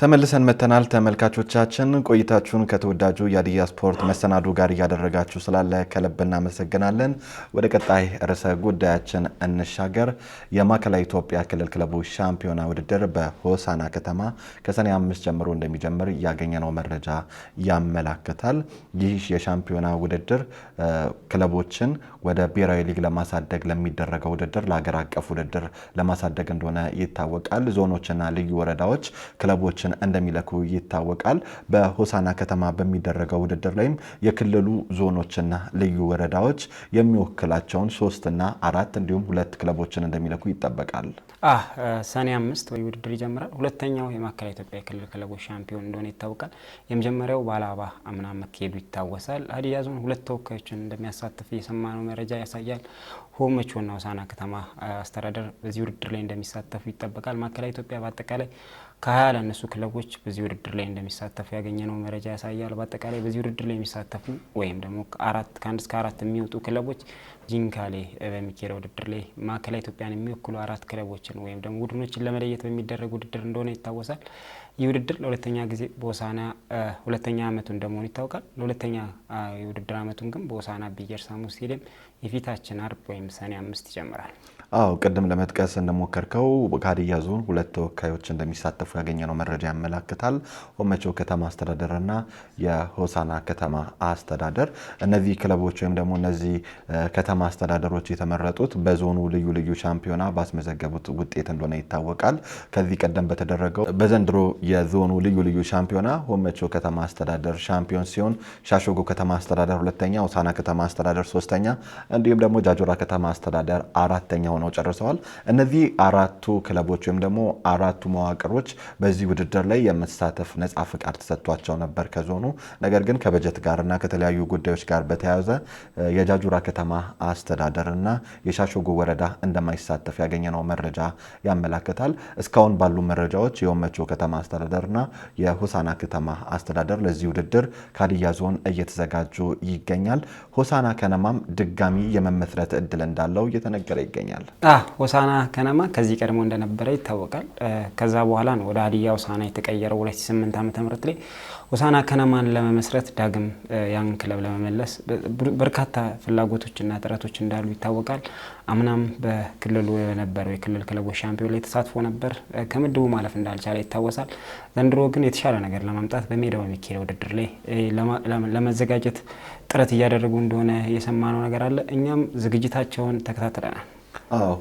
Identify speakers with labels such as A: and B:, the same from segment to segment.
A: ተመልሰን መተናል። ተመልካቾቻችን ቆይታችሁን ከተወዳጁ የሀዲያ ስፖርት መሰናዶ ጋር እያደረጋችሁ ስላለ ከልብ እናመሰግናለን። ወደ ቀጣይ ርዕሰ ጉዳያችን እንሻገር። የማዕከላዊ ኢትዮጵያ ክልል ክለቦች ሻምፒዮና ውድድር በሆሳና ከተማ ከሰኔ አምስት ጀምሮ እንደሚጀምር ያገኘነው መረጃ ያመላክታል። ይህ የሻምፒዮና ውድድር ክለቦችን ወደ ብሔራዊ ሊግ ለማሳደግ ለሚደረገው ውድድር ለሀገር አቀፍ ውድድር ለማሳደግ እንደሆነ ይታወቃል። ዞኖችና ልዩ ወረዳዎች ክለቦችን ግቦችን እንደሚለኩ ይታወቃል። በሆሳና ከተማ በሚደረገው ውድድር ላይም የክልሉ ዞኖችና ልዩ ወረዳዎች የሚወክላቸውን ሶስትና አራት እንዲሁም ሁለት ክለቦችን እንደሚለኩ ይጠበቃል።
B: ሰኔ አምስት ወይ ውድድር ይጀምራል። ሁለተኛው የማዕከላዊ ኢትዮጵያ የክልል ክለቦች ሻምፒዮን እንደሆነ ይታወቃል። የመጀመሪያው በአላባ አምና መካሄዱ ይታወሳል። ሀዲያ ዞን ሁለት ተወካዮችን እንደሚያሳትፍ የሰማነው መረጃ ያሳያል። ሆመቾና ሆሳና ከተማ አስተዳደር በዚህ ውድድር ላይ እንደሚሳተፉ ይጠበቃል። ማዕከላዊ ኢትዮጵያ በአጠቃላይ ከሀያ ላነሱ ክለቦች በዚህ ውድድር ላይ እንደሚሳተፉ ያገኘ ነው መረጃ ያሳያል። በአጠቃላይ በዚህ ውድድር ላይ የሚሳተፉ ወይም ደግሞ ከአንድ እስከ አራት የሚወጡ ክለቦች ጂንካሌ በሚካሄደ ውድድር ላይ ማዕከላዊ ኢትዮጵያን የሚወክሉ አራት ክለቦችን ወይም ደግሞ ቡድኖችን ለመለየት በሚደረግ ውድድር እንደሆነ ይታወሳል። ይህ ውድድር ለሁለተኛ ጊዜ በሆሳና ሁለተኛ ዓመቱ እንደመሆኑ ይታወቃል። ለሁለተኛ የውድድር አመቱን ግን በሆሳና ብየርሳሙ ስቴዲየም የፊታችን አርብ ወይም ሰኔ አምስት ይጀምራል።
A: አዎ ቅድም ለመጥቀስ እንደሞከርከው ሀዲያ ዞን ሁለት ተወካዮች እንደሚሳተፉ ያገኘነው መረጃ ያመላክታል። ሆመቾ ከተማ አስተዳደርና የሆሳና ከተማ አስተዳደር እነዚህ ክለቦች ወይም ደግሞ እነዚህ ከተማ አስተዳደሮች የተመረጡት በዞኑ ልዩ ልዩ ሻምፒዮና ባስመዘገቡት ውጤት እንደሆነ ይታወቃል። ከዚህ ቀደም በተደረገው በዘንድሮ የዞኑ ልዩ ልዩ ሻምፒዮና ሆመቾ ከተማ አስተዳደር ሻምፒዮን ሲሆን፣ ሻሾጎ ከተማ አስተዳደር ሁለተኛ፣ ሆሳና ከተማ አስተዳደር ሶስተኛ፣ እንዲሁም ደግሞ ጃጆራ ከተማ አስተዳደር አራተኛ ሆነው ጨርሰዋል። እነዚህ አራቱ ክለቦች ወይም ደግሞ አራቱ መዋቅሮች በዚህ ውድድር ላይ የመሳተፍ ነፃ ፍቃድ ተሰጥቷቸው ነበር ከዞኑ። ነገር ግን ከበጀት ጋርና ከተለያዩ ጉዳዮች ጋር በተያያዘ የጃጁራ ከተማ አስተዳደርና የሻሾጎ ወረዳ እንደማይሳተፍ ያገኘነው መረጃ ያመላክታል። እስካሁን ባሉ መረጃዎች የወመቾ ከተማ አስተዳደርና የሆሳና ከተማ አስተዳደር ለዚህ ውድድር ካድያ ዞን እየተዘጋጁ ይገኛል። ሆሳና ከነማም ድጋሚ የመመስረት እድል እንዳለው እየተነገረ ይገኛል።
B: ሆሳና ከነማ ከዚህ ቀድሞ እንደነበረ ይታወቃል። ከዛ በኋላ ነው ወደ ሀዲያ ሆሳና የተቀየረው። 28 ዓ ምህረት ላይ ሆሳና ከነማን ለመመስረት ዳግም ያን ክለብ ለመመለስ በርካታ ፍላጎቶችና ጥረቶች እንዳሉ ይታወቃል። አምናም በክልሉ የነበረው የክልል ክለቦች ሻምፒዮን ላይ ተሳትፎ ነበር። ከምድቡ ማለፍ እንዳልቻለ ይታወሳል። ዘንድሮ ግን የተሻለ ነገር ለማምጣት በሜዳው የሚካሄደ ውድድር ላይ ለመዘጋጀት ጥረት እያደረጉ እንደሆነ የሰማነው ነገር አለ። እኛም ዝግጅታቸውን ተከታትለናል።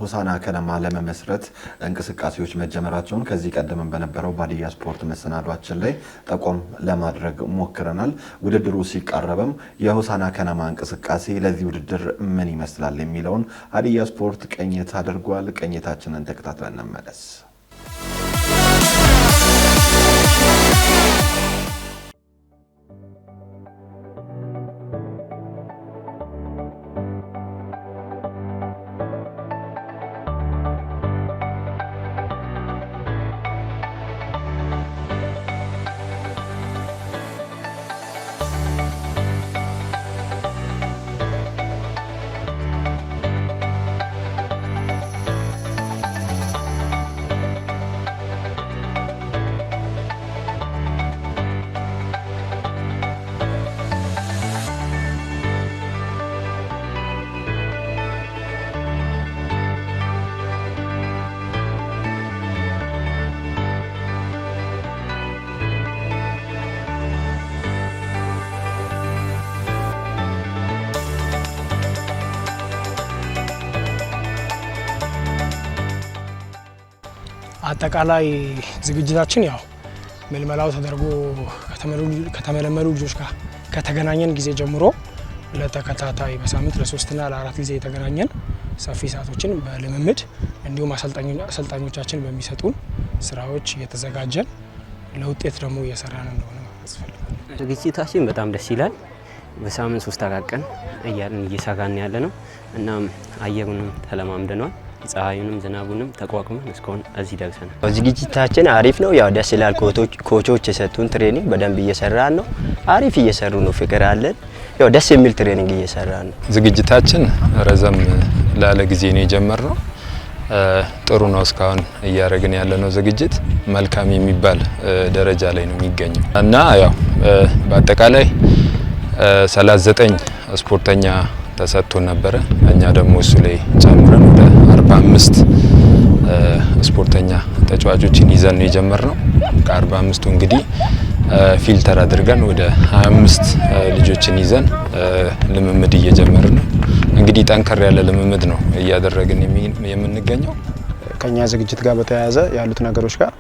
A: ሆሳና ከነማ ለመመስረት እንቅስቃሴዎች መጀመራቸውን ከዚህ ቀደም በነበረው ባድያ ስፖርት መሰናዷችን ላይ ጠቆም ለማድረግ ሞክረናል። ውድድሩ ሲቃረብም የሆሳና ከነማ እንቅስቃሴ ለዚህ ውድድር ምን ይመስላል የሚለውን ሀዲያ ስፖርት ቅኝት አድርጓል። ቅኝታችንን ተከታትለን እንመለስ።
C: አጠቃላይ ዝግጅታችን ያው ምልመላው ተደርጎ ከተመለመሉ ልጆች ጋር ከተገናኘን ጊዜ ጀምሮ ለተከታታይ በሳምንት ለሶስትና ለአራት ጊዜ የተገናኘን ሰፊ ሰዓቶችን በልምምድ እንዲሁም አሰልጣኞቻችን በሚሰጡን ስራዎች እየተዘጋጀን ለውጤት ደግሞ እየሰራን እንደሆነ ያስፈልጋል።
D: ዝግጅታችን በጣም ደስ ይላል። በሳምንት ሶስት አራት ቀን እያልን እየሰራን ያለ ነው። እናም አየሩንም ተለማምደነዋል። ፀሐዩንም ዝናቡንም ተቋቁመን እስካሁን እዚህ ደርሰናል።
E: ዝግጅታችን አሪፍ ነው። ያው ደስ ይላል። ኮቾች የሰጡን ትሬኒንግ በደንብ እየሰራን ነው። አሪፍ እየሰሩ ነው። ፍቅር አለን። ያው ደስ የሚል ትሬኒንግ እየሰራን ነው።
F: ዝግጅታችን ረዘም ላለ ጊዜ ነው የጀመርነው። ጥሩ ነው። እስካሁን እያደረግን ያለነው ዝግጅት መልካም የሚባል ደረጃ ላይ ነው የሚገኘው እና ያው በአጠቃላይ 39 ስፖርተኛ ተሰጥቶ ነበረ። እኛ ደግሞ እሱ ላይ ጨምረን ወደ 45 ስፖርተኛ ተጫዋቾችን ይዘን ነው የጀመርነው። 45 እንግዲህ ፊልተር አድርገን ወደ 25 ልጆችን ይዘን ልምምድ እየጀመርን ነው። እንግዲህ ጠንከር ያለ ልምምድ ነው እያደረግን የምንገኘው።
G: ከኛ ዝግጅት ጋር በተያያዘ ያሉት ነገሮች ጋር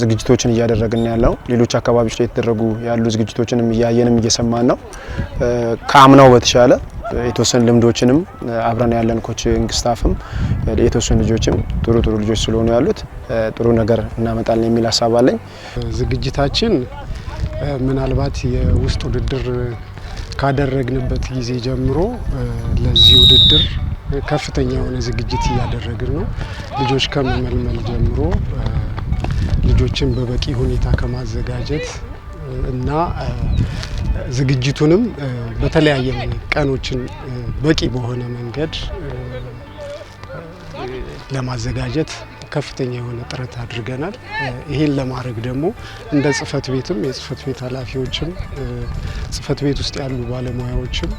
G: ዝግጅቶችን እያደረግን ያለው ሌሎች አካባቢዎች ላይ የተደረጉ ያሉ ዝግጅቶችንም እያየንም እየሰማን ነው። ከአምናው በተሻለ የተወሰኑ ልምዶችንም አብረን ያለን ኮች እንግስታፍም የተወሰኑ ልጆችም ጥሩ ጥሩ ልጆች ስለሆኑ ያሉት ጥሩ ነገር እናመጣለን የሚል ሀሳብ አለኝ።
H: ዝግጅታችን ምናልባት የውስጥ ውድድር ካደረግንበት ጊዜ ጀምሮ ለዚህ ውድድር ከፍተኛ የሆነ ዝግጅት እያደረግን ነው። ልጆች ከመመልመል ጀምሮ ልጆችን በበቂ ሁኔታ ከማዘጋጀት እና ዝግጅቱንም በተለያየ ቀኖችን በቂ በሆነ መንገድ ለማዘጋጀት ከፍተኛ የሆነ ጥረት አድርገናል። ይህን ለማድረግ ደግሞ እንደ ጽህፈት ቤትም የጽህፈት ቤት ኃላፊዎችም ጽህፈት ቤት ውስጥ ያሉ ባለሙያዎችም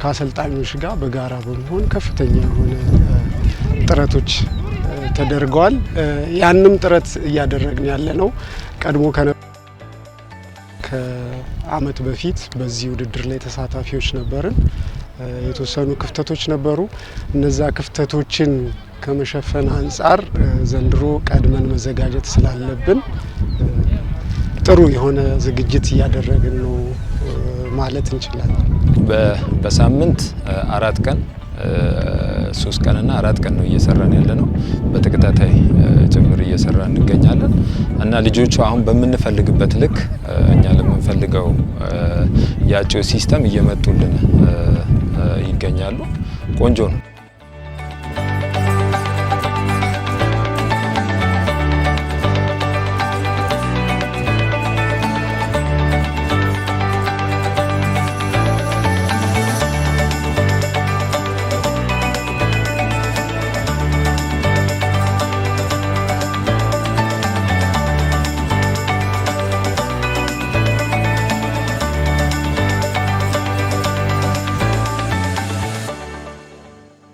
H: ከአሰልጣኞች ጋር በጋራ በመሆን ከፍተኛ የሆነ ጥረቶች ተደርገዋል። ያንም ጥረት እያደረግን ያለ ነው ቀድሞ አመት በፊት በዚህ ውድድር ላይ ተሳታፊዎች ነበርን። የተወሰኑ ክፍተቶች ነበሩ። እነዛ ክፍተቶችን ከመሸፈን አንጻር ዘንድሮ ቀድመን መዘጋጀት ስላለብን ጥሩ የሆነ ዝግጅት እያደረግን ነው ማለት እንችላለን።
I: በሳምንት አራት ቀን ሶስት ቀንና አራት ቀን ነው እየሰራን ያለ ነው። በተከታታይ ጭምር እየሰራ እንገኛለን እና ልጆቹ አሁን በምንፈልግበት ልክ እኛ የምንፈልገው የአጭው ሲስተም እየመጡልን ይገኛሉ። ቆንጆ ነው።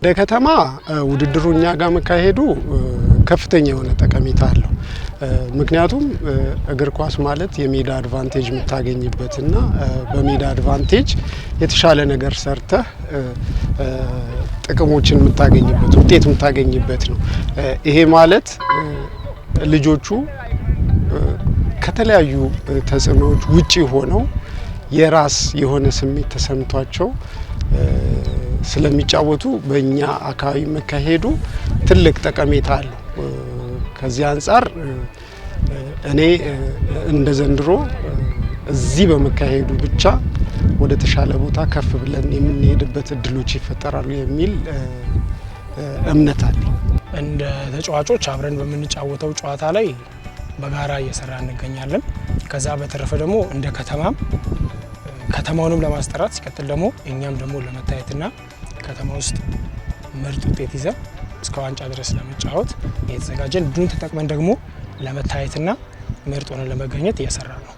H: እንደ ከተማ ውድድሩ እኛ ጋር መካሄዱ ከፍተኛ የሆነ ጠቀሜታ አለው። ምክንያቱም እግር ኳስ ማለት የሜዳ አድቫንቴጅ የምታገኝበትና በሜዳ አድቫንቴጅ የተሻለ ነገር ሰርተህ ጥቅሞችን የምታገኝበት ውጤት የምታገኝበት ነው። ይሄ ማለት ልጆቹ ከተለያዩ ተጽዕኖዎች ውጪ ሆነው የራስ የሆነ ስሜት ተሰምቷቸው ስለሚጫወቱ በእኛ አካባቢ መካሄዱ ትልቅ ጠቀሜታ አለው። ከዚህ አንጻር እኔ እንደ ዘንድሮ እዚህ በመካሄዱ ብቻ ወደ ተሻለ ቦታ ከፍ ብለን የምንሄድበት እድሎች ይፈጠራሉ የሚል እምነት አለ።
C: እንደ ተጫዋቾች አብረን በምንጫወተው ጨዋታ ላይ በጋራ እየሰራ እንገኛለን። ከዛ በተረፈ ደግሞ እንደ ከተማም ከተማውንም ለማስጠራት ሲቀጥል ደግሞ እኛም ደግሞ ለመታየትና ከተማ ውስጥ ምርጥ ውጤት ይዘን እስከ ዋንጫ ድረስ ለመጫወት የተዘጋጀን ቡድን ተጠቅመን ደግሞ ለመታየትና ምርጥ ሆነን ለመገኘት እየሰራ ነው።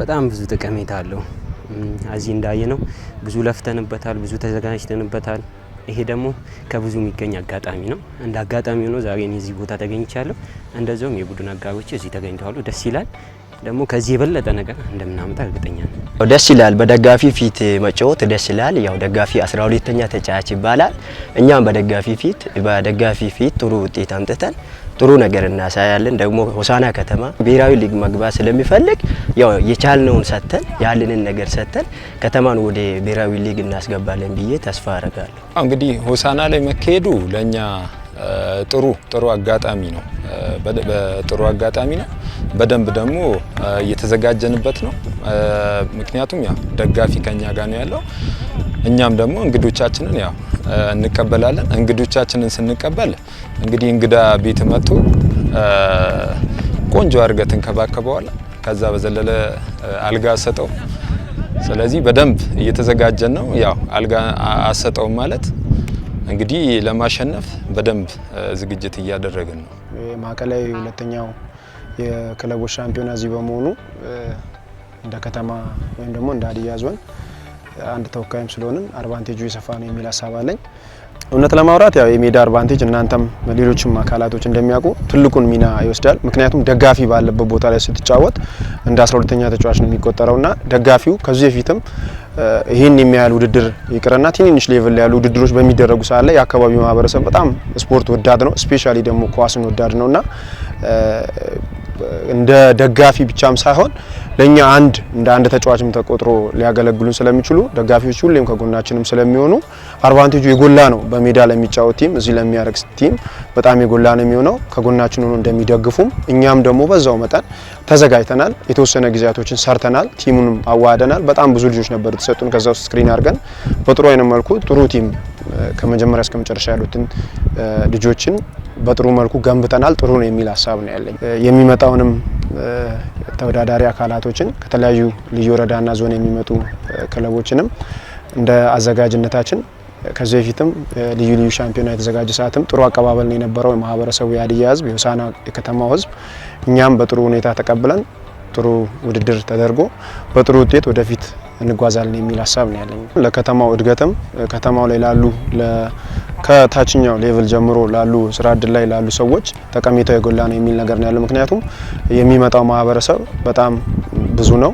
D: በጣም ብዙ ጠቀሜታ አለው። እዚህ እንዳየ ነው ብዙ ለፍተንበታል፣ ብዙ ተዘጋጅተንበታል። ይሄ ደግሞ ከብዙ የሚገኝ አጋጣሚ ነው። እንደ አጋጣሚ ሆኖ ዛሬ እዚህ ቦታ ተገኝቻለሁ። እንደዚሁም የቡድን አጋሮች እዚህ ተገኝተዋሉ። ደስ ይላል። ደግሞ ከዚህ የበለጠ ነገር እንደምናመጣ እርግጠኛ ነው።
E: ደስ ይላል። በደጋፊ ፊት መጫወት ደስ ይላል። ያው ደጋፊ 12ኛ ተጫዋች ይባላል። እኛም በደጋፊ ፊት በደጋፊ ፊት ጥሩ ውጤት አምጥተን ጥሩ ነገር እናሳያለን። ደግሞ ሆሳና ከተማ ብሔራዊ ሊግ መግባት ስለሚፈልግ ያው የቻልነውን ሰጥተን ያለንን ነገር ሰጥተን ከተማን ወደ ብሔራዊ ሊግ እናስገባለን ብዬ ተስፋ አረጋለሁ።
F: እንግዲህ ሆሳና ላይ መካሄዱ ለእኛ ጥሩ ጥሩ አጋጣሚ ነው። ጥሩ አጋጣሚ ነው። በደንብ ደግሞ እየተዘጋጀንበት ነው። ምክንያቱም ያው ደጋፊ ከኛ ጋር ነው ያለው። እኛም ደግሞ እንግዶቻችንን ያው እንቀበላለን። እንግዶቻችንን ስንቀበል እንግዲህ እንግዳ ቤት መጥቶ ቆንጆ አድርገህ ትንከባከበዋለህ። ከዛ በዘለለ አልጋ ሰጠው ስለዚህ በደንብ እየተዘጋጀን ነው። ያው አልጋ አሰጠው ማለት እንግዲህ ለማሸነፍ በደንብ ዝግጅት እያደረግን ነው።
G: ማዕከላዊ ሁለተኛው የክለቦች ሻምፒዮና እዚህ በመሆኑ እንደ ከተማ ወይም ደግሞ እንደ ሀዲያ ዞን አንድ ተወካይም ስለሆንን አድቫንቴጁ የሰፋ ነው የሚል ሀሳብ አለኝ። እውነት ለማውራት ያው የሜዳ አድቫንቴጅ እናንተም ሌሎችም አካላቶች እንደሚያውቁ ትልቁን ሚና ይወስዳል። ምክንያቱም ደጋፊ ባለበት ቦታ ላይ ስትጫወት እንደ 12ኛ ተጫዋች ነው የሚቆጠረውና ደጋፊው ከዚህ በፊትም ይህን የሚያህል ውድድር ይቅርና ትንንሽ ሌቭል ያሉ ውድድሮች በሚደረጉ ሰዓት ላይ የአካባቢው ማህበረሰብ በጣም ስፖርት ወዳድ ነው። ስፔሻሊ ደግሞ ኳስን ወዳድ ነውና እንደ ደጋፊ ብቻም ሳይሆን ለኛ አንድ እንደ አንድ ተጫዋችም ተቆጥሮ ሊያገለግሉን ስለሚችሉ ደጋፊዎች ሁሌም ከጎናችንም ስለሚሆኑ አድቫንቴጁ የጎላ ነው። በሜዳ ለሚጫወት ቲም እዚህ ለሚያደርግ ቲም በጣም የጎላ ነው የሚሆነው። ከጎናችን ሆኖ እንደሚደግፉም እኛም ደግሞ በዛው መጠን ተዘጋጅተናል። የተወሰነ ጊዜያቶችን ሰርተናል። ቲሙንም አዋህደናል። በጣም ብዙ ልጆች ነበር የተሰጡን። ከዛ ውስጥ ስክሪን አድርገን በጥሩ አይነት መልኩ ጥሩ ቲም ከመጀመሪያ እስከ መጨረሻ ያሉትን ልጆችን በጥሩ መልኩ ገንብተናል፣ ጥሩ ነው የሚል ሀሳብ ነው ያለኝ። የሚመጣውንም ተወዳዳሪ አካላቶችን ከተለያዩ ልዩ ወረዳና ዞን የሚመጡ ክለቦችንም እንደ አዘጋጅነታችን ከዚህ በፊትም ልዩ ልዩ ሻምፒዮና የተዘጋጀ ሰዓትም ጥሩ አቀባበል ነው የነበረው። የማህበረሰቡ የሀዲያ ህዝብ፣ የሆሳዕና የከተማው ህዝብ እኛም በጥሩ ሁኔታ ተቀብለን ጥሩ ውድድር ተደርጎ በጥሩ ውጤት ወደፊት እንጓዛለን የሚል ሀሳብ ነው ያለኝ። ለከተማው እድገትም ከተማው ላይ ላሉ ከታችኛው ሌቭል ጀምሮ ላሉ ስራ እድል ላይ ላሉ ሰዎች ጠቀሜታው የጎላ ነው የሚል ነገር ነው ያለው። ምክንያቱም የሚመጣው ማህበረሰብ በጣም ብዙ ነው።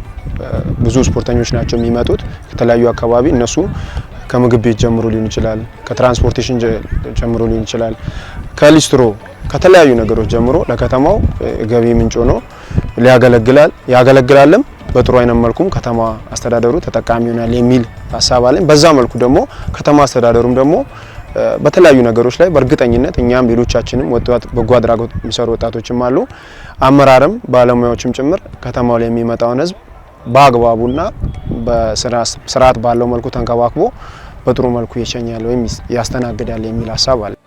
G: ብዙ ስፖርተኞች ናቸው የሚመጡት ከተለያዩ አካባቢ እነሱ ከምግብ ቤት ጀምሮ ሊሆን ይችላል፣ ከትራንስፖርቴሽን ጀምሮ ሊሆን ይችላል፣ ከሊስትሮ ከተለያዩ ነገሮች ጀምሮ ለከተማው ገቢ ምንጭ ነው። ሊያገለግላል ያገለግላልም በጥሩ አይነት መልኩም ከተማ አስተዳደሩ ተጠቃሚ ይሆናል የሚል ሀሳብ አለኝ። በዛ መልኩ ደግሞ ከተማ አስተዳደሩም ደግሞ በተለያዩ ነገሮች ላይ በእርግጠኝነት እኛም ሌሎቻችንም ወጣት በጎ አድራጎት የሚሰሩ ወጣቶችም አሉ፣ አመራርም ባለሙያዎችም ጭምር ከተማው ላይ የሚመጣውን ህዝብ በአግባቡና በስርዓት ባለው መልኩ ተንከባክቦ በጥሩ መልኩ የሸኛል ወይም ያስተናግዳል የሚል ሀሳብ አለ።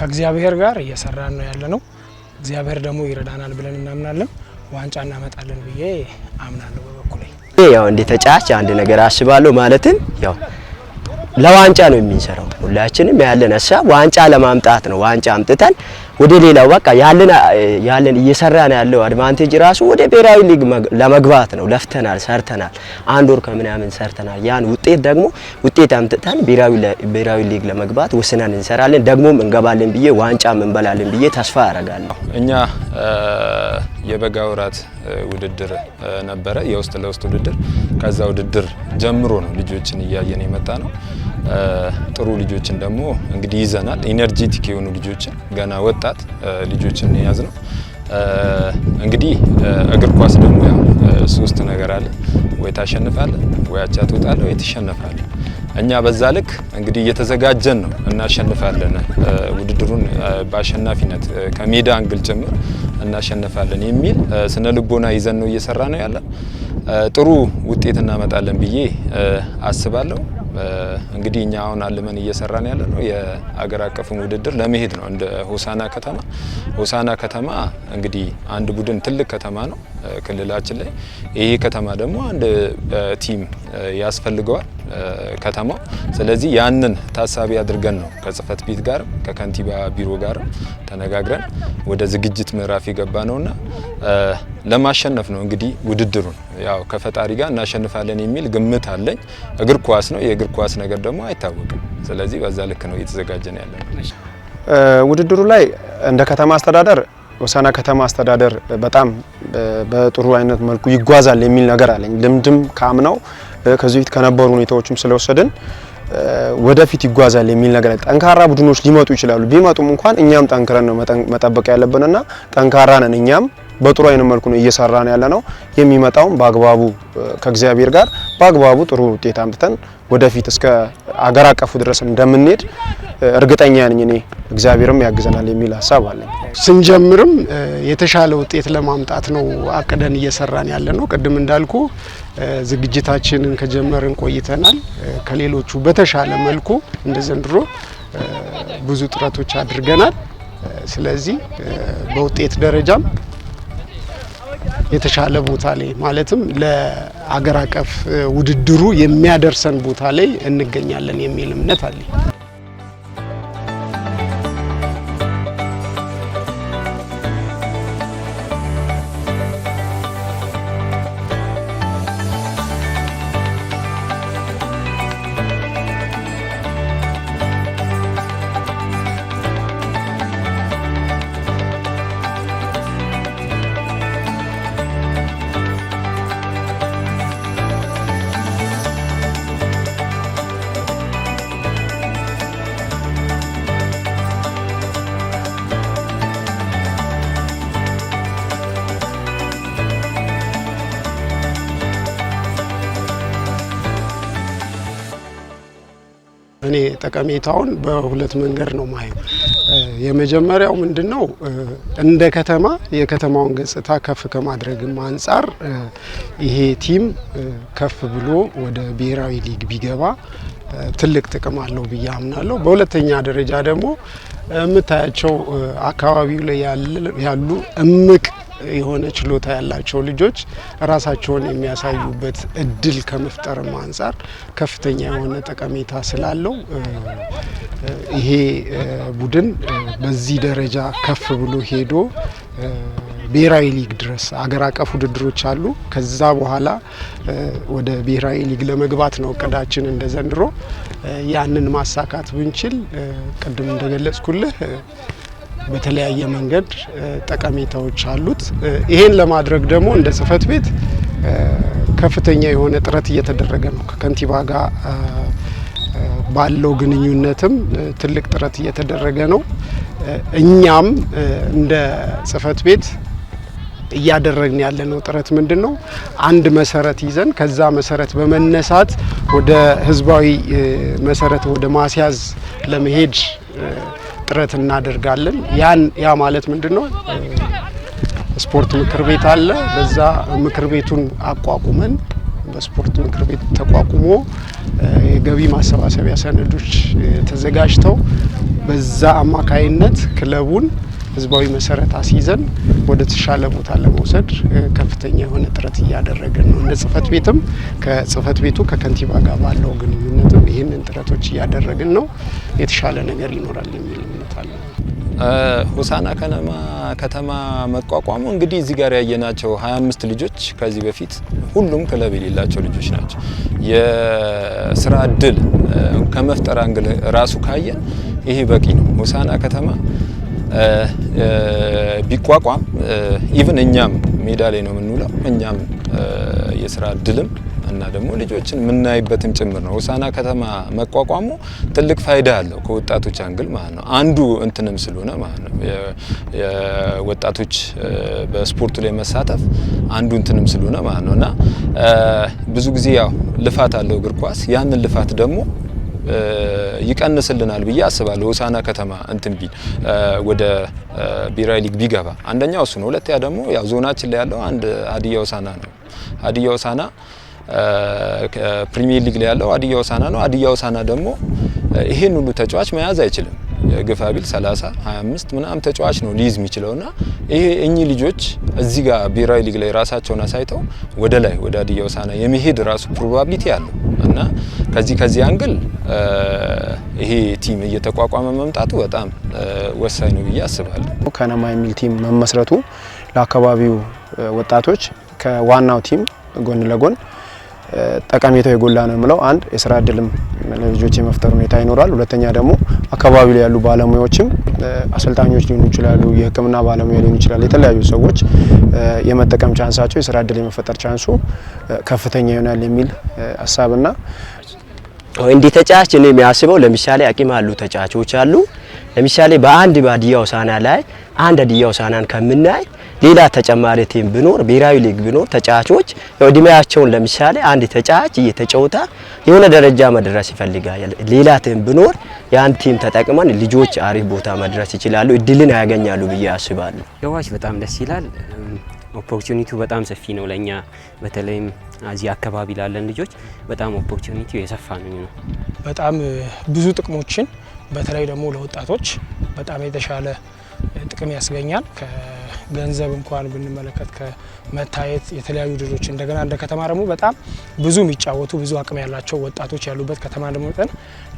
C: ከእግዚአብሔር ጋር እየሰራን ነው ያለ ነው። እግዚአብሔር ደግሞ ይረዳናል ብለን እናምናለን። ዋንጫ እናመጣለን ብዬ አምናለሁ። በበኩሌ
E: ያው እንደ ተጫዋች አንድ ነገር አስባለሁ። ማለትም ያው ለዋንጫ ነው የምንሰራው። ሁላችንም ያለን ሀሳብ ዋንጫ ለማምጣት ነው። ዋንጫ አምጥተን ወደ ሌላው በቃ ያለን ያለን እየሰራን ያለው አድቫንቴጅ ራሱ ወደ ብሔራዊ ሊግ ለመግባት ነው። ለፍተናል፣ ሰርተናል፣ አንድ ወር ከምናምን ሰርተናል። ያን ውጤት ደግሞ ውጤት አምጥተን ብሔራዊ ሊግ ለመግባት ወስነን እንሰራለን፣ ደግሞም እንገባለን ብዬ ዋንጫም እንበላለን ብዬ ተስፋ አደርጋለሁ።
F: እኛ የበጋ ወራት ውድድር ነበረ፣ የውስጥ ለውስጥ ውድድር። ከዛ ውድድር ጀምሮ ነው ልጆችን እያየን የመጣ ነው። ጥሩ ልጆችን ደግሞ እንግዲህ ይዘናል። ኢነርጂቲክ የሆኑ ልጆችን ገና ወጣት ልጆችን የያዝ ነው። እንግዲህ እግር ኳስ ደግሞ ያው ሶስት ነገር አለ። ወይ ታሸንፋለ፣ ወይ አቻ ትወጣለ፣ ወይ ትሸነፋለ። እኛ በዛ ልክ እንግዲህ እየተዘጋጀን ነው። እናሸንፋለን፣ ውድድሩን በአሸናፊነት ከሜዳ አንግል ጭምር እናሸንፋለን የሚል ስነ ልቦና ይዘን ነው እየሰራ ነው ያለን። ጥሩ ውጤት እናመጣለን ብዬ አስባለሁ። እንግዲህ እኛ አሁን አልመን እየሰራን ያለ ነው የአገር አቀፍን ውድድር ለመሄድ ነው። እንደ ሆሳና ከተማ ሆሳና ከተማ እንግዲህ አንድ ቡድን ትልቅ ከተማ ነው። ክልላችን ላይ። ይህ ከተማ ደግሞ አንድ ቲም ያስፈልገዋል ከተማው። ስለዚህ ያንን ታሳቢ አድርገን ነው ከጽህፈት ቤት ጋርም ከከንቲባ ቢሮ ጋርም ተነጋግረን ወደ ዝግጅት ምዕራፍ የገባ ነውና ለማሸነፍ ነው እንግዲህ ውድድሩን ያው ከፈጣሪ ጋር እናሸንፋለን የሚል ግምት አለኝ። እግር ኳስ ነው፣ የእግር ኳስ ነገር ደግሞ አይታወቅም። ስለዚህ በዛ ልክ ነው እየተዘጋጀን ያለ
G: ውድድሩ ላይ እንደ ከተማ አስተዳደር ሆሳዕና ከተማ አስተዳደር በጣም በጥሩ አይነት መልኩ ይጓዛል የሚል ነገር አለኝ። ልምድም ከአምናው ከዚህ ፊት ከነበሩ ሁኔታዎችም ስለወሰድን ወደፊት ይጓዛል የሚል ነገር አለ። ጠንካራ ቡድኖች ሊመጡ ይችላሉ። ቢመጡም እንኳን እኛም ጠንክረን ነው መጠበቅ ያለብንና ጠንካራ ነን እኛም በጥሩ አይነት መልኩ ነው እየሰራ ነው ያለ ነው። የሚመጣውም በአግባቡ ከእግዚአብሔር ጋር በአግባቡ ጥሩ ውጤት አምጥተን ወደፊት እስከ አገር አቀፉ ድረስ እንደምንሄድ እርግጠኛ ነኝ እኔ። እግዚአብሔርም ያግዘናል የሚል ሀሳብ አለኝ።
H: ስንጀምርም የተሻለ ውጤት ለማምጣት ነው አቅደን እየሰራን ያለ ነው። ቅድም እንዳልኩ ዝግጅታችንን ከጀመርን ቆይተናል። ከሌሎቹ በተሻለ መልኩ እንደ ዘንድሮ ብዙ ጥረቶች አድርገናል። ስለዚህ በውጤት ደረጃም የተሻለ ቦታ ላይ ማለትም ለአገር አቀፍ ውድድሩ የሚያደርሰን ቦታ ላይ እንገኛለን የሚል እምነት አለኝ። ጠቀሜታውን በሁለት መንገድ ነው ማየው። የመጀመሪያው ምንድን ነው እንደ ከተማ የከተማውን ገጽታ ከፍ ከማድረግም አንጻር ይሄ ቲም ከፍ ብሎ ወደ ብሔራዊ ሊግ ቢገባ ትልቅ ጥቅም አለው ብዬ አምናለሁ። በሁለተኛ ደረጃ ደግሞ የምታያቸው አካባቢው ላይ ያሉ እምቅ የሆነ ችሎታ ያላቸው ልጆች ራሳቸውን የሚያሳዩበት እድል ከመፍጠርም አንጻር ከፍተኛ የሆነ ጠቀሜታ ስላለው ይሄ ቡድን በዚህ ደረጃ ከፍ ብሎ ሄዶ ብሔራዊ ሊግ ድረስ አገር አቀፍ ውድድሮች አሉ። ከዛ በኋላ ወደ ብሔራዊ ሊግ ለመግባት ነው እቅዳችን እንደ ዘንድሮ። ያንን ማሳካት ብንችል ቅድም እንደገለጽኩልህ በተለያየ መንገድ ጠቀሜታዎች አሉት። ይሄን ለማድረግ ደግሞ እንደ ጽህፈት ቤት ከፍተኛ የሆነ ጥረት እየተደረገ ነው። ከከንቲባ ጋር ባለው ግንኙነትም ትልቅ ጥረት እየተደረገ ነው። እኛም እንደ ጽህፈት ቤት እያደረግን ያለነው ጥረት ምንድን ነው? አንድ መሰረት ይዘን ከዛ መሰረት በመነሳት ወደ ህዝባዊ መሰረት ወደ ማስያዝ ለመሄድ ጥረት እናደርጋለን። ያን ያ ማለት ምንድን ነው? ስፖርት ምክር ቤት አለ። በዛ ምክር ቤቱን አቋቁመን በስፖርት ምክር ቤት ተቋቁሞ የገቢ ማሰባሰቢያ ሰነዶች ተዘጋጅተው በዛ አማካይነት ክለቡን ህዝባዊ መሰረት አስይዘን ወደ ተሻለ ቦታ ለመውሰድ ከፍተኛ የሆነ ጥረት እያደረግን ነው። እንደ ጽህፈት ቤትም ከጽህፈት ቤቱ ከከንቲባ ጋር ባለው ግንኙነትም ይህንን ጥረቶች እያደረግን ነው። የተሻለ ነገር ይኖራል የሚል እምነት አለ።
F: ሆሳና ከነማ ከተማ መቋቋሙ እንግዲህ እዚህ ጋር ያየናቸው 25 ልጆች ከዚህ በፊት ሁሉም ክለብ የሌላቸው ልጆች ናቸው። የስራ እድል ከመፍጠር አንግል ራሱ ካየን ይሄ በቂ ነው። ሆሳና ከተማ ቢቋቋም ኢቭን እኛም ሜዳ ላይ ነው የምንውለው። እኛም የስራ እድልም እና ደግሞ ልጆችን የምናይበትም ጭምር ነው። ሆሳዕና ከተማ መቋቋሙ ትልቅ ፋይዳ አለው ከወጣቶች አንግል ማለት ነው። አንዱ እንትንም ስለሆነ ማለት ነው ወጣቶች በስፖርቱ ላይ መሳተፍ አንዱ እንትንም ስለሆነ ማለት ነው እና ብዙ ጊዜ ያው ልፋት አለው እግር ኳስ ያንን ልፋት ደግሞ ይቀንስልናል ብዬ አስባለሁ። ሆሳና ከተማ እንትን ቢል ወደ ብሔራዊ ሊግ ቢገባ አንደኛው እሱ ነው። ሁለተኛ ደግሞ ያው ዞናችን ላይ ያለው አንድ ሀዲያ ሆሳና ነው። ሀዲያ ሆሳና ፕሪሚየር ሊግ ላይ ያለው ሀዲያ ሆሳና ነው። ሀዲያ ሆሳና ደግሞ ይሄን ሁሉ ተጫዋች መያዝ አይችልም። ግፋ ቢል 30 25 ምናምን ተጫዋች ነው ሊይዝ የሚችለውና ይሄ እኚህ ልጆች እዚህ ጋር ብሔራዊ ሊግ ላይ ራሳቸውን አሳይተው ወደ ላይ ወደ ሀዲያ ሆሳዕና የመሄድ ራሱ ፕሮባቢሊቲ አለው እና ከዚህ ከዚህ አንግል ይሄ ቲም እየተቋቋመ መምጣቱ በጣም ወሳኝ ነው ብዬ አስባለሁ።
G: ከነማ የሚል ቲም መመስረቱ ለአካባቢው ወጣቶች ከዋናው ቲም ጎን ለጎን ጠቀሜታው የጎላ ነው የምለው አንድ የስራ እድልም ለልጆች የመፍጠር ሁኔታ ይኖራል። ሁለተኛ ደግሞ አካባቢ ላይ ያሉ ባለሙያዎችም አሰልጣኞች ሊሆኑ ይችላሉ፣ የሕክምና ባለሙያ ሊሆኑ ይችላል። የተለያዩ ሰዎች የመጠቀም ቻንሳቸው የስራ እድል የመፈጠር ቻንሱ ከፍተኛ ይሆናል የሚል ሀሳብና
E: እንዲህ ተጫዋች እኔ የሚያስበው ለምሳሌ አቂም አሉ ተጫዋቾች አሉ። ለምሳሌ በአንድ በሀዲያ ሆሳዕና ላይ አንድ ሀዲያ ሆሳዕናን ከምናይ ሌላ ተጨማሪ ቲም ቢኖር ብሔራዊ ሊግ ቢኖር ተጫዋቾች እድሜያቸውን ለምሳሌ አንድ ተጫዋች እየተጫወታ የሆነ ደረጃ መድረስ ይፈልጋል። ሌላ ቲም ቢኖር ያን ቲም ተጠቅመን ልጆች አሪፍ ቦታ መድረስ ይችላሉ፣ እድልን ያገኛሉ ብዬ አስባለሁ።
D: የዋሽ በጣም ደስ ይላል። ኦፖርቹኒቲው በጣም ሰፊ ነው ለኛ በተለይም እዚህ አካባቢ ላለን ልጆች በጣም ኦፖርቹኒቲው የሰፋ ነው
C: በጣም ብዙ ጥቅሞችን በተለይ ደግሞ ለወጣቶች በጣም የተሻለ ጥቅም ያስገኛል። ከገንዘብ እንኳን ብንመለከት ከመታየት የተለያዩ ድሮች እንደገና እንደ ከተማ ደግሞ በጣም ብዙ የሚጫወቱ ብዙ አቅም ያላቸው ወጣቶች ያሉበት ከተማ ደግሞ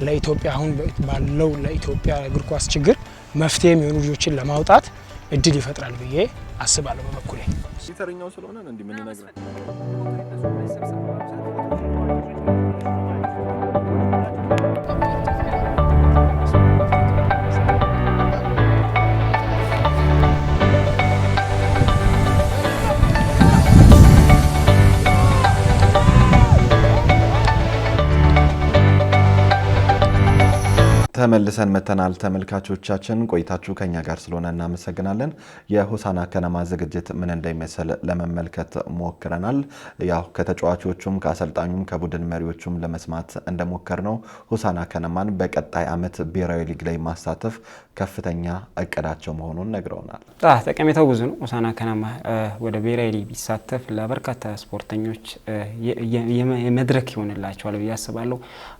C: ለኢትዮጵያ አሁን ባለው ለኢትዮጵያ እግር ኳስ ችግር መፍትሄ የሚሆኑ ልጆችን ለማውጣት እድል ይፈጥራል ብዬ አስባለሁ በበኩሌ
A: ተመልሰን መተናል ተመልካቾቻችን፣ ቆይታችሁ ከኛ ጋር ስለሆነ እናመሰግናለን። የሆሳና ከነማ ዝግጅት ምን እንደሚመስል ለመመልከት ሞክረናል። ያው ከተጫዋቾቹም ከአሰልጣኙም ከቡድን መሪዎቹም ለመስማት እንደሞከር ነው ሆሳና ከነማን በቀጣይ ዓመት ብሔራዊ ሊግ ላይ ማሳተፍ ከፍተኛ እቅዳቸው መሆኑን ነግረውናል።
B: ጠቀሜታው ብዙ ነው። ሆሳና ከነማ ወደ ብሔራዊ ሊግ ቢሳተፍ ለበርካታ ስፖርተኞች መድረክ ይሆንላቸዋል ብዬ አስባለሁ።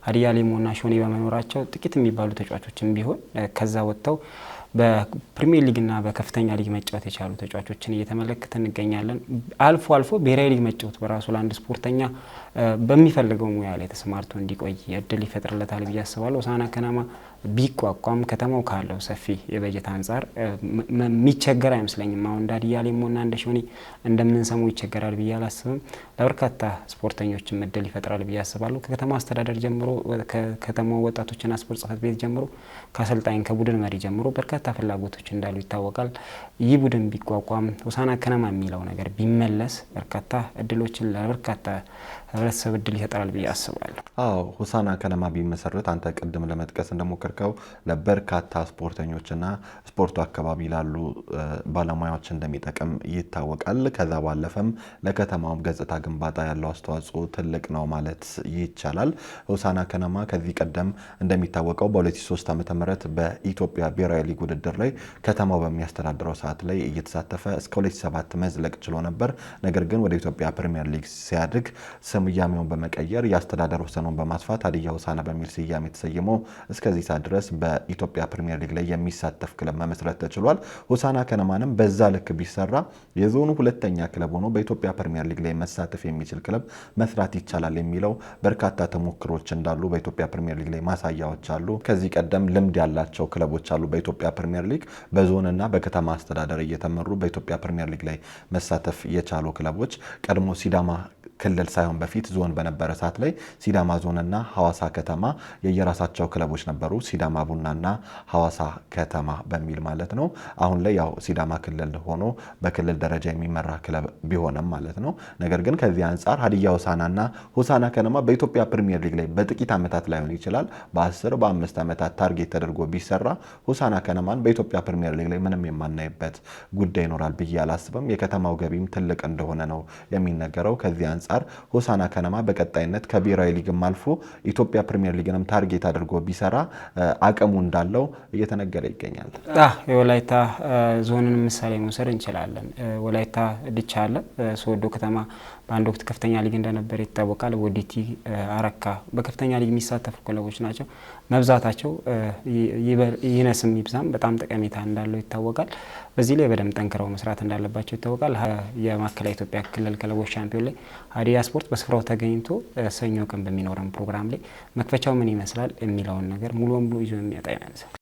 B: አዲያ ሌሞና ሾኔ በመኖራቸው ጥቂት የሚባሉ ተጫዋቾችም ቢሆን ከዛ ወጥተው በፕሪሚየር ሊግና በከፍተኛ ሊግ መጫወት የቻሉ ተጫዋቾችን እየተመለከተ እንገኛለን። አልፎ አልፎ ብሔራዊ ሊግ መጫወት በራሱ ለአንድ ስፖርተኛ በሚፈልገው ሙያ ላይ ተሰማርቶ እንዲቆይ እድል ይፈጥርለታል ብዬ አስባለሁ። ሆሳዕና ከነማ ቢቋቋም ከተማው ካለው ሰፊ የበጀት አንጻር የሚቸገር አይመስለኝም። አሁን እንደ አዲያ ሌሞና እንደ ሾኔ እንደምንሰማው ይቸገራል ብዬ አላስብም። ለበርካታ ስፖርተኞችም እድል ይፈጥራል ብዬ አስባለሁ። ከከተማ አስተዳደር ጀምሮ ከከተማው ወጣቶችና ስፖርት ጽሕፈት ቤት ጀምሮ ከአሰልጣኝ ከቡድን መሪ ጀምሮ በርካታ ፍላጎቶች እንዳሉ ይታወቃል። ይህ ቡድን ቢቋቋም ሆሳዕና ከነማ የሚለው ነገር ቢመለስ በርካታ እድሎችን ለበርካታ ህብረተሰብ እድል ይፈጠራል ብዬ አስባለሁ።
A: አዎ ሆሳዕና ከነማ ቢመሰረት አንተ ቅድም ለመጥቀስ እንደሞከርከው ለበርካታ ስፖርተኞችና ስፖርቱ አካባቢ ላሉ ባለሙያዎች እንደሚጠቅም ይታወቃል። ከዛ ባለፈም ለከተማውም ገጽታ ግንባታ ያለው አስተዋጽኦ ትልቅ ነው ማለት ይቻላል። ሆሳዕና ከነማ ከዚህ ቀደም እንደሚታወቀው በ2003 ዓ ም በኢትዮጵያ ብሔራዊ ሊግ ውድድር ላይ ከተማው በሚያስተዳድረው ሰዓት ላይ እየተሳተፈ እስከ 2007 መዝለቅ ችሎ ነበር። ነገር ግን ወደ ኢትዮጵያ ፕሪሚየር ሊግ ሲያድግ ስያሜውን በመቀየር የአስተዳደር ወሰኑን በማስፋት ሀዲያ ሆሳዕና በሚል ስያሜ ተሰይሞ እስከዚህ ሰዓት ድረስ በኢትዮጵያ ፕሪምየር ሊግ ላይ የሚሳተፍ ክለብ መመስረት ተችሏል። ሆሳዕና ከነማንም በዛ ልክ ቢሰራ የዞኑ ሁለተኛ ክለብ ሆኖ በኢትዮጵያ ፕሪምየር ሊግ ላይ መሳተፍ የሚችል ክለብ መስራት ይቻላል የሚለው በርካታ ተሞክሮች እንዳሉ በኢትዮጵያ ፕሪምየር ሊግ ላይ ማሳያዎች አሉ። ከዚህ ቀደም ልምድ ያላቸው ክለቦች አሉ። በኢትዮጵያ ፕሪምየር ሊግ በዞንና በከተማ አስተዳደር እየተመሩ በኢትዮጵያ ፕሪምየር ሊግ ላይ መሳተፍ የቻሉ ክለቦች ቀድሞ ሲዳማ ክልል ሳይሆን በፊት ዞን በነበረ ሰዓት ላይ ሲዳማ ዞንና ሐዋሳ ከተማ የየራሳቸው ክለቦች ነበሩ። ሲዳማ ቡናና ሐዋሳ ከተማ በሚል ማለት ነው። አሁን ላይ ያው ሲዳማ ክልል ሆኖ በክልል ደረጃ የሚመራ ክለብ ቢሆንም ማለት ነው። ነገር ግን ከዚህ አንጻር ሀዲያ ሆሳዕናና ሆሳዕና ከነማ በኢትዮጵያ ፕሪሚየር ሊግ ላይ በጥቂት ዓመታት ላይሆን ይችላል በአስር በአምስት ዓመታት ታርጌት ተደርጎ ቢሰራ ሆሳዕና ከነማን በኢትዮጵያ ፕሪሚየር ሊግ ላይ ምንም የማናይበት ጉዳይ ይኖራል ብዬ አላስብም። የከተማው ገቢም ትልቅ እንደሆነ ነው የሚነገረው። ከዚህ አንጻር ሆሳና ከነማ በቀጣይነት ከብሔራዊ ሊግም አልፎ ኢትዮጵያ ፕሪሚየር ሊግንም ታርጌት አድርጎ ቢሰራ አቅሙ እንዳለው እየተነገረ ይገኛል።
B: የወላይታ ዞንን ምሳሌ መውሰድ እንችላለን። ወላይታ ድቻ አለ። ሶዶ ከተማ በአንድ ወቅት ከፍተኛ ሊግ እንደነበረ ይታወቃል። ወዲቲ፣ አረካ በከፍተኛ ሊግ የሚሳተፉ ክለቦች ናቸው። መብዛታቸው ይነስም ይብዛም በጣም ጠቀሜታ እንዳለው ይታወቃል። በዚህ ላይ በደንብ ጠንክረው መስራት እንዳለባቸው ይታወቃል። የማዕከላዊ ኢትዮጵያ ክልል ክለቦች ሻምፒዮን ላይ ሀዲያ ስፖርት በስፍራው ተገኝቶ ሰኞ ቀን በሚኖረን ፕሮግራም ላይ መክፈቻው ምን ይመስላል የሚለውን ነገር ሙሉ በሙሉ ይዞ የሚያጣ ይመልሳል።